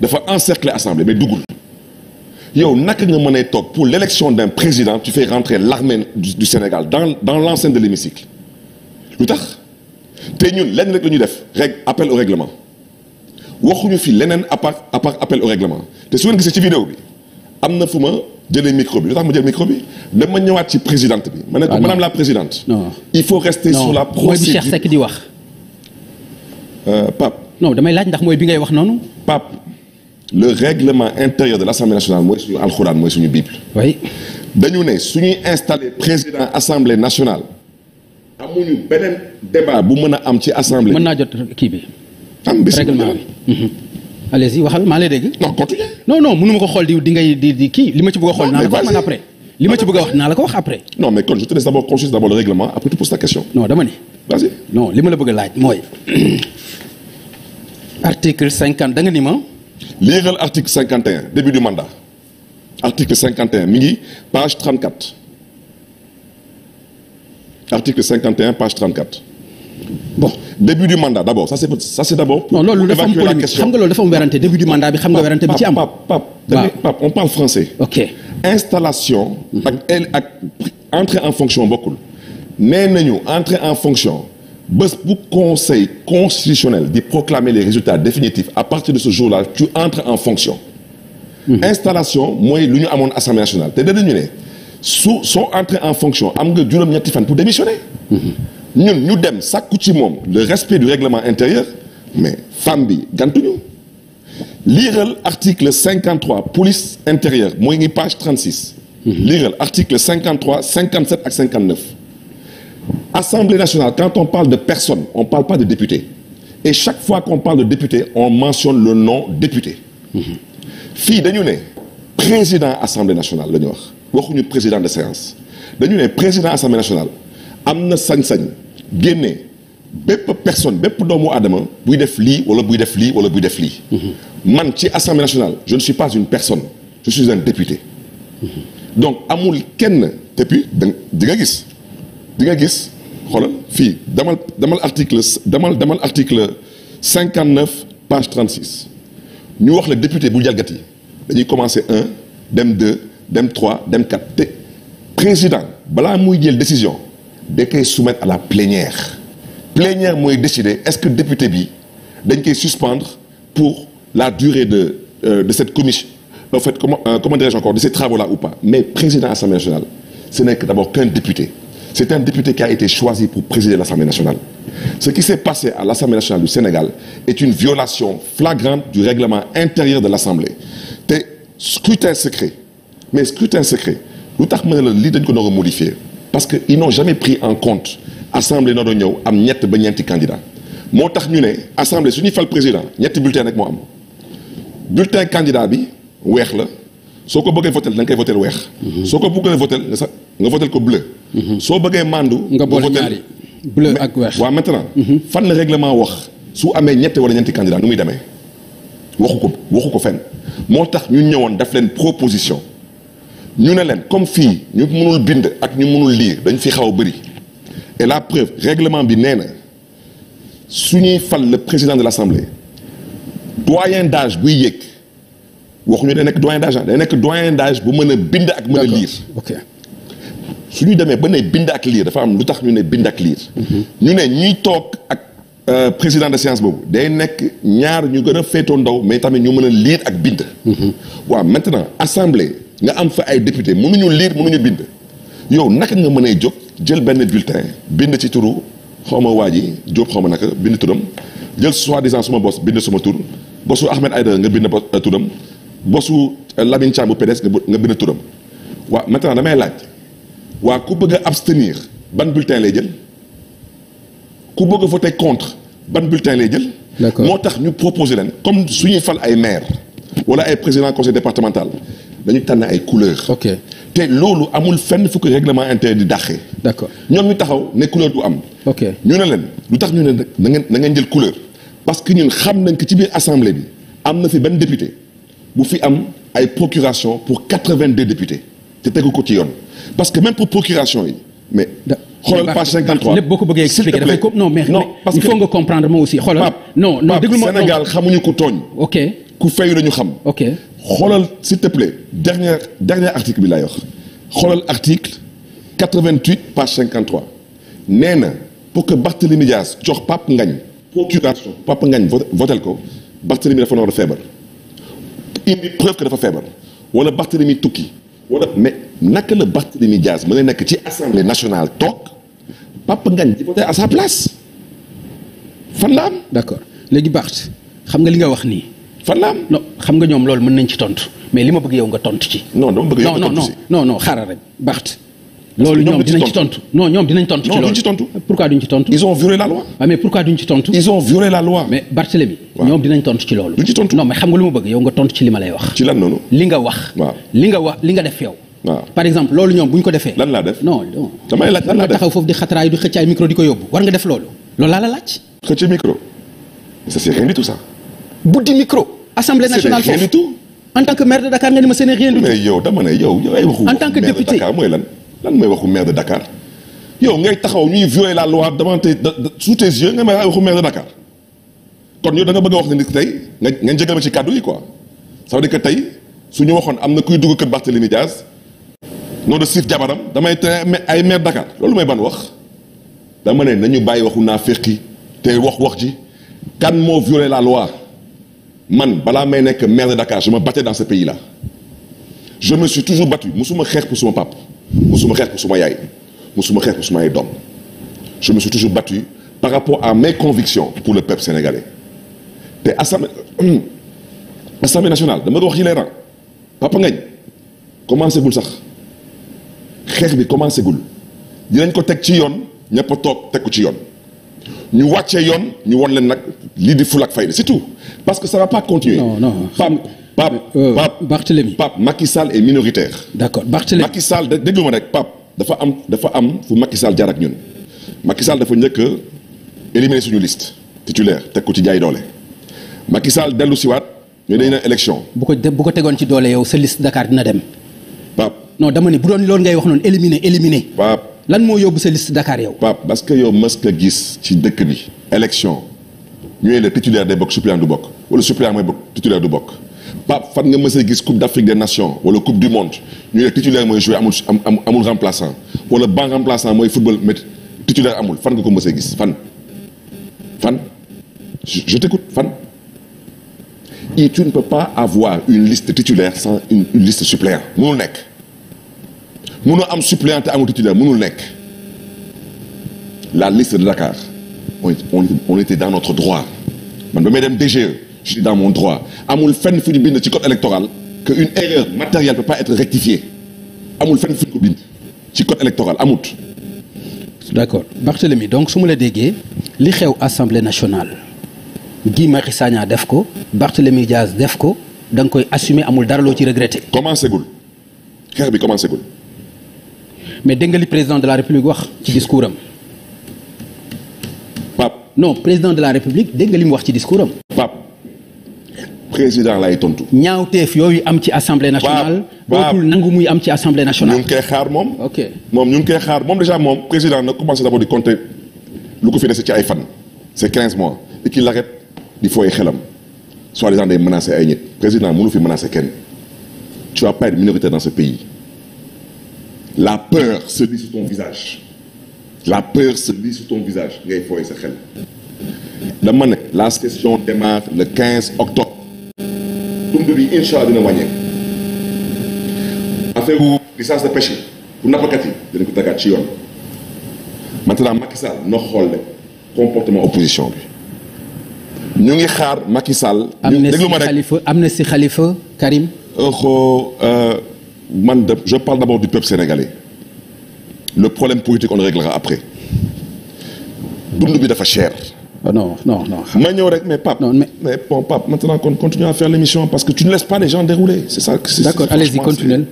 dafa encercler assemblée mais duggul yow naka nga mën a toog pour l'élection d'un président tu fais rentrer l'armée du Sénégal dans dans l'enceinte de l'hémicycle lu tax te ñun lenn rek la ñuy def rek appel au règlement waxuñu fi leneen à part à part appel au règlement te su ngeen gisee ci vidéo bi am na fu ma jëlee micro bi lu tax ma jël micro bi ma ñëwaat ci présidente bi ma ne ko ah, madame la présidente non il faut rester non. la procédure mooy bi Cheikh Seck di wax euh, Pape non damay laaj ndax mooy bi ngay wax noonu Pape le règlement intérieur de l'Assemblée nationale mooy suñu alxuraan mooy suñu bible. oui dañu ne suñuy installé président assemblée nationale. amuñu beneen débat bu mën a am ci assemblée. mën naa jot kii bi. am bés règlement bi. Mhm. allez-y waxal maa lay dégg. non continué. non non mënu ma ko xool di ngay di di kii li ma ci bëgg a xool. naa la ko wax après li ma ci bëgg wax naa la ko wax après. non mais kon je te laisse d'abord consulte d'abord le règlement après tu poses ta question. non dama ni. vas li ma la bëgg a mooy. article cinquante da nga ni liiral article 51 début du mandat article mi ngi page 34 article 51 page 34 bon début du mandat d' abord ça c' est ça c' est d' abord. loolu dafa am polémique xam nga loolu dafa am werante début du mandat bi xam nga werante bi ci am. Pape Pape Pape on parle français. ok installation. ak ak entrée en fonction bokkul nee nañu entrée en fonction. bés bu conseil constitutionnel di proclamer les résultats définitifs à partir de ce jour-là en fonction. Mmh. mooy lu ñu amoon assemblée nationale danañu ne su soo entré en fonction am nga juróom-ñetti fan mhm. ñun ñu dem sàkku ci moom le respect du règlement mais femme bi gantuñu. liiral article 53 police mooy ngi page 36. Mhm. liiral article 53 57 ak 59. Assemblée nationale, quand on parle de personne, on ne parle pas de député. Et chaque fois qu'on parle de député, on mentionne le nom député. fii dañu ne président Assemblée nationale la ñu wax waxuñu président de séance dañu ne président Assemblée nationale am na sañ-sañ génne bépp personne bépp doomu aadama buy def lii wala buy def lii wala buy def lii. man ci Assemblée nationale je ne suis pas une personne je suis un député. donc amul kenn depuis di nga gis nga gis. xoolal fii demal demal article demal demal article cinquante neuf page trente six ñu wax la député bu jalgati dañuy commencer un dem deux dem trois dem quatre te président balaa muy jël décision da koy soumettre à la plénière plénière mooy décider est-ce que député bi dañ koy suspendre pour la durée de euh, de cette commission en fait comment euh, comment dirais-je encore de ces travaux là ou pas mais président assemblée nationale ce n'est que d'abord qu'un député C'est un député qui a été choisi pour présider l'Assemblée nationale. Ce qui s'est passé à l'Assemblée nationale du Sénégal est une violation flagrante du règlement intérieur de l'Assemblée. te scrutin secret mais scrutin secret lu tax ma ne la lii dañ ko nar a modifier parce que ils n'ont jamais pris en compte assemblée noo doon ñëw am ñett ba ñeenti candidat moo tax ñu ne assemblée su ñuy président ñetti bulletin rek moo am bulletin candidat bi weex la soo ko bëggee votel da koy votel weex. Mhm. soo ko bëggee votel nga sa nga votel ko bleu. Mhm. soo bëggee màndu. nga boole ñaari bleu ak weex waaw maintenant. Mhm. fan la règlement wax su amee ñetti wala ñeenti candidat nu muy demee waxu ko waxu ko fenn moo tax ñu ñëwoon daf leen proposition ñu ne leen comme fii ñu mënul bind ak ñu mënul lire dañ fi xaw a bëri et la preuve règlement bi nee na su ñuy fal le président de l'assemblée doyen d'âge buy yéeg waxuñu day nekk doyen d'âge day nekk doyen d'âge bu mën a bind ak mën a lire. su ñu demee ba ne bind ak liir dafa am lu tax ñu ne bind ak liir. Mhm. ñu ne ñuy toog ak euh, président de séance boobu day nekk ñaar ñu gën a féetoo ndaw mais tamit ñu mën a liir ak bind. Mhm. waaw maintenant assemblée nga am fa ay député mënuñu liir mënuñu bind. yow naka nga mën mënee jóg jël benn bulletin bind ci turu xaw ma waa ji Diop xaw ma naka bind turam jël soi-disant suma bos bind suma tur bosu Ahmed Aïdara nga bind turam bosu euh, Lamine Thiam bu PDS nga bind turam waaw maintenant damay laaj. waa ku bëgg a abstenir ban bulletin lay jël ku bëgg a contre ban bulletin lay jël. d'accord moo tax ñu proposer leen comme suñuy fal ay maire wala ay président conseil départementale dañu tànn ay couleur ok te loolu amul fenn fu ko règlement intérieur di dàqee. d'accord ñoom ñu taxaw ne couleur du am. ok ñu ne leen lu tax ñu ne na ngeen na ngeen jël couleur. parce que ñun xam nañ que ci biir assemblée bi am na fi benn député bu fi am ay procuration pour quatre-vingt-deux députés. te tegu ko ci yoon parce que même pour procuration yi mais. xoolal page 53 lépp boo ko bëggee expliquer dafay ko non mais. non parce que il faut nga comprendre ma aussi xoolal. non non déglu ma Sénégal xamuñu ku tooñ. ok ku fayu la ñu xam. ok xoolal s'il te plaît. dernier dernier article bi laay wax xoolal article 88 page 53 nee na pour que Barthélémy Dias jox papp ngañ procuration Pape Ngagne votel ko Barthélémy dafa noor a feebar. indi preuve que dafa feebar wala Barthélémy tukki. mais naka la Barthélémy Dias ma a nekk ci assemblée nationale toog Pape Ngagne di voter à sa place fan la am. d'accord léegi Barth xam nga li nga wax nii. fan la am non xam nga ñoom loolu mën nañ ci tontu mais li ma bëgg yow nga tontu ci. non dama bëgg yow nga tontu ci non non non non xaaral rek loolu ñoom dinañ ci tontu non ñoom ci ont violé la ah, ont violé la loi. mais Barthélemy. waaw ñoom dinañ tontu ci loolu. duñ ci nga tontu ci li lay wax. li nga wax. li nga def yow. par exemple loolu ñoom bu ko defee. lan laa def non non. damay laaj lan laa def taxaw foofu di xatraay di xëcc ay micro di ko yóbbu war nga def loolu. loolu laa la laaj. xëcc micro. ça c'est rien du tout ça. buddi micro. assemblée nationale foofu en tant que maire de Dakar nga ni ma seen rien du tout. lan lan mooy waxu maire de Dakar yow ngay taxaw ñuy violer la loi devant tes sous tes yeux nga may waxu maire de Dakar kon yow da nga bëgg wax ni nit tey nga nga jégal ma ci kàddu yi quoi ça di dire que tey suñu waxoon am na kuy dugg kër Barthélémy Diaz noonu de siif jabaram damay tere ay maire Dakar loolu may ban wax dama ne nañu bàyyi waxu naa fekki te wax wax ji kan moo violer la loi man balaa may nekk maire de Dakar je me battais dans ce pays là je me suis toujours battu musuma suma pap musuma xeex su ma yaay musuma xeex pour suma ay doom su me suis toujours battu par rapport à mais convictions pour le peuple sénégalais te assemblée assemblée nationale dama ko wax ci les rangs Papa Ngagne commencé gul sax xeex bi commencé gul dinañ ko teg ci yoon ñëpp a toog teg ci yoon ñu wàccee yoon ñu won leen nag lii di ful ak fayda c'est tout parce que ça va pas continuer. non non Pape euh, Pape Barthélémy Pape Macky Sall est minoritaire. d'accord Barthélémy Macky Sall déglu ma rek Pape dafa am dafa am fu Macky Sall jaar ak ñun. Macky Sall dafa njëkk a suñu liste titulaire teg ko ci jaay doole Macky Sall dellu siwaat ñu dañu naan élection. bu ko de bu ko tegoon ci doole yow sa liste Dakar dina dem. Pape non dama ne bu doon loolu ngay wax noonu éliminer éliminer. Pape lan moo yóbbu sa liste Dakar yow. Pape parce que yow mës nga gis ci dëkk bi. élection ñu ne le titulaire day bokk du bokk wala suppléant mooy bokk du bokk. Pape fan nga mës a gis coupe d' Afrique des nations wala coupe du monde ñu ne titulaire mooy joué amul amul remplaçant wala ban remplaçant mooy football mais titulaire amul fan nga ko mës a gis fan. fan je t'écoute fan et tu ne peux pas avoir une liste titulaire sans une, une liste suppléant mënul nekk mënoo am suppléant te amul titulaire mënul nekk la liste de Dakar on on était dans notre droit man ba may DGE. je suis dans mon droit amul fenn fu ci code électoral que une erreur matérielle amul fenn fu ñu ko bind ci code électoral amut. d'accord donc su ma la déggee li xew assemblée nationale Guy Marius Sagna def ko Barthélémy Diaz def ko da koy assumer amul dara loo ci regretter. commencé gul bi commencé gul. mais dégg nga li président de la république wax ci discours am. Pape non président de la république dégg nga li mu wax ci discours am. président lay tontu. ñaawteef yooyu am ci assemblée nationale. waaw dootul nangu muy am ci assemblée nationale. ñu ngi koy xaar moom. ok moom ñu ngi koy xaar moom déjà moom président nag commencé d'abord di compter lu ko fi dese ci ay fan. c'est 15 mois et qu'il arrête di fooy xelam soi-disant day menacer ay nit président mënu fi menacer kenn tu vas pas être minoritaire dans ce pays la peur se lit sur ton visage la peur se lit sur ton visage ngay fooy sa xel. dama ne la session démarre dund bi incha allah dina wàññeeku affaire bu licence de pêche pour nappkat yi dinañ ko ci yoon maintenant Macky Sall noo xool comportement opposition bi ñu ngi xaar Macky Sall. déglu ma rek am na si xalifa am na si xalifa Karim. xoo euh, man de je parle d'abord du peuple sénégalais le problème politique on le réglera après dund bi dafa cher. Euh, non non non. ma ñëw rek mais Pape. mais mais bon Pape maintenant qu'on continue à faire l'émission parce que tu ne laisses pas les gens dérouler c'est ça. continue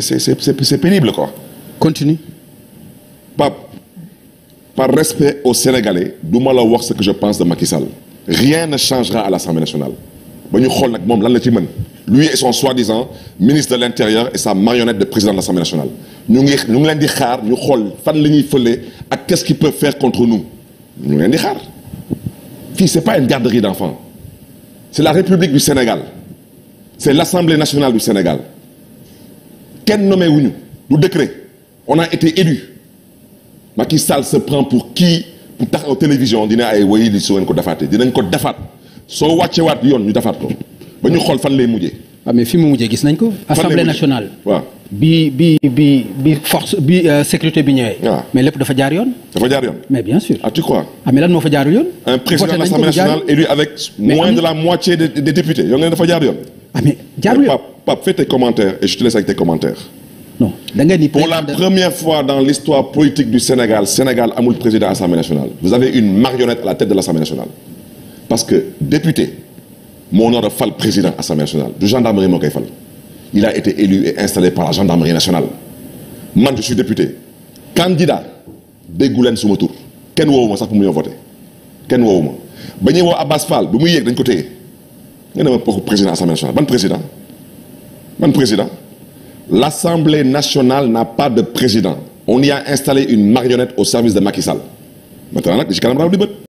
c'est pénible quoi. continue. par respect aux Sénégalais du ma la wax ce que je pense de Macky Sall. rien ne changera à l'Assemblée nationale ba ñu xool nag moom lan la ci mën lui et son soi-disant ministre de l'intérieur et sa marionnette de président de l'Assemblée nationale ñu ngi ñu ngi leen di xaar ñu xool fan la ñuy fële ak qu'est-ce qu'il peut faire ñu ngi leen di xaar fii c'est pas une garderie d'enfants c'est la République du Sénégal c'est l'Assemblée nationale du Sénégal kenn nommé wuñu du décret on a été élu Macky Sall se prend pour qui pour taxaw télévision dina ay woyi li su ngeen ko defaatee dinañ ko defaat soo wàccewaat yoon ñu defaat ko ba ñu xool fan lay mujjee. waaw ah, mais fi mu mujjee gis nañ ko. assemblée nationale waaw. bi bi bi bi force bi euh, sécurité bi ñëwee. Ah. mais lépp dafa jaar yoon. dafa jaar yoon. mais bien sûr. ah tu crois. ah mais moo fa jaarul yoon. un président de l'Assemblée nationale élu avec moins de la moitié des députés yow nga dafa jaar yoon. ah mais jaarul yoon Pape Pape fais tes commentaires et je te laisse avec tes commentaires. non da ngeen di. pour la première fois dans l'histoire politique du Sénégal Sénégal amul président Assemblée nationale. vous avez une marionnette à la tête de l'Assemblée nationale. parce que député moo nar a fal président Assemblée nationale du koy fal. il a été élu et installé par la gendarmerie nationale man je suis député candidat déggu leen suma tur kenn woowu ma sax pour mu ñëw voté kenn woowu ma ba ñuy woo Abbas Fall bu muy yéeg dañ ko téye nga ne ma poku président assemblée nationale ban président ban président l'assemblée nationale n'a pas de président on y a installé une marionnette au service de Macky Sall maintenant nag di ci kanam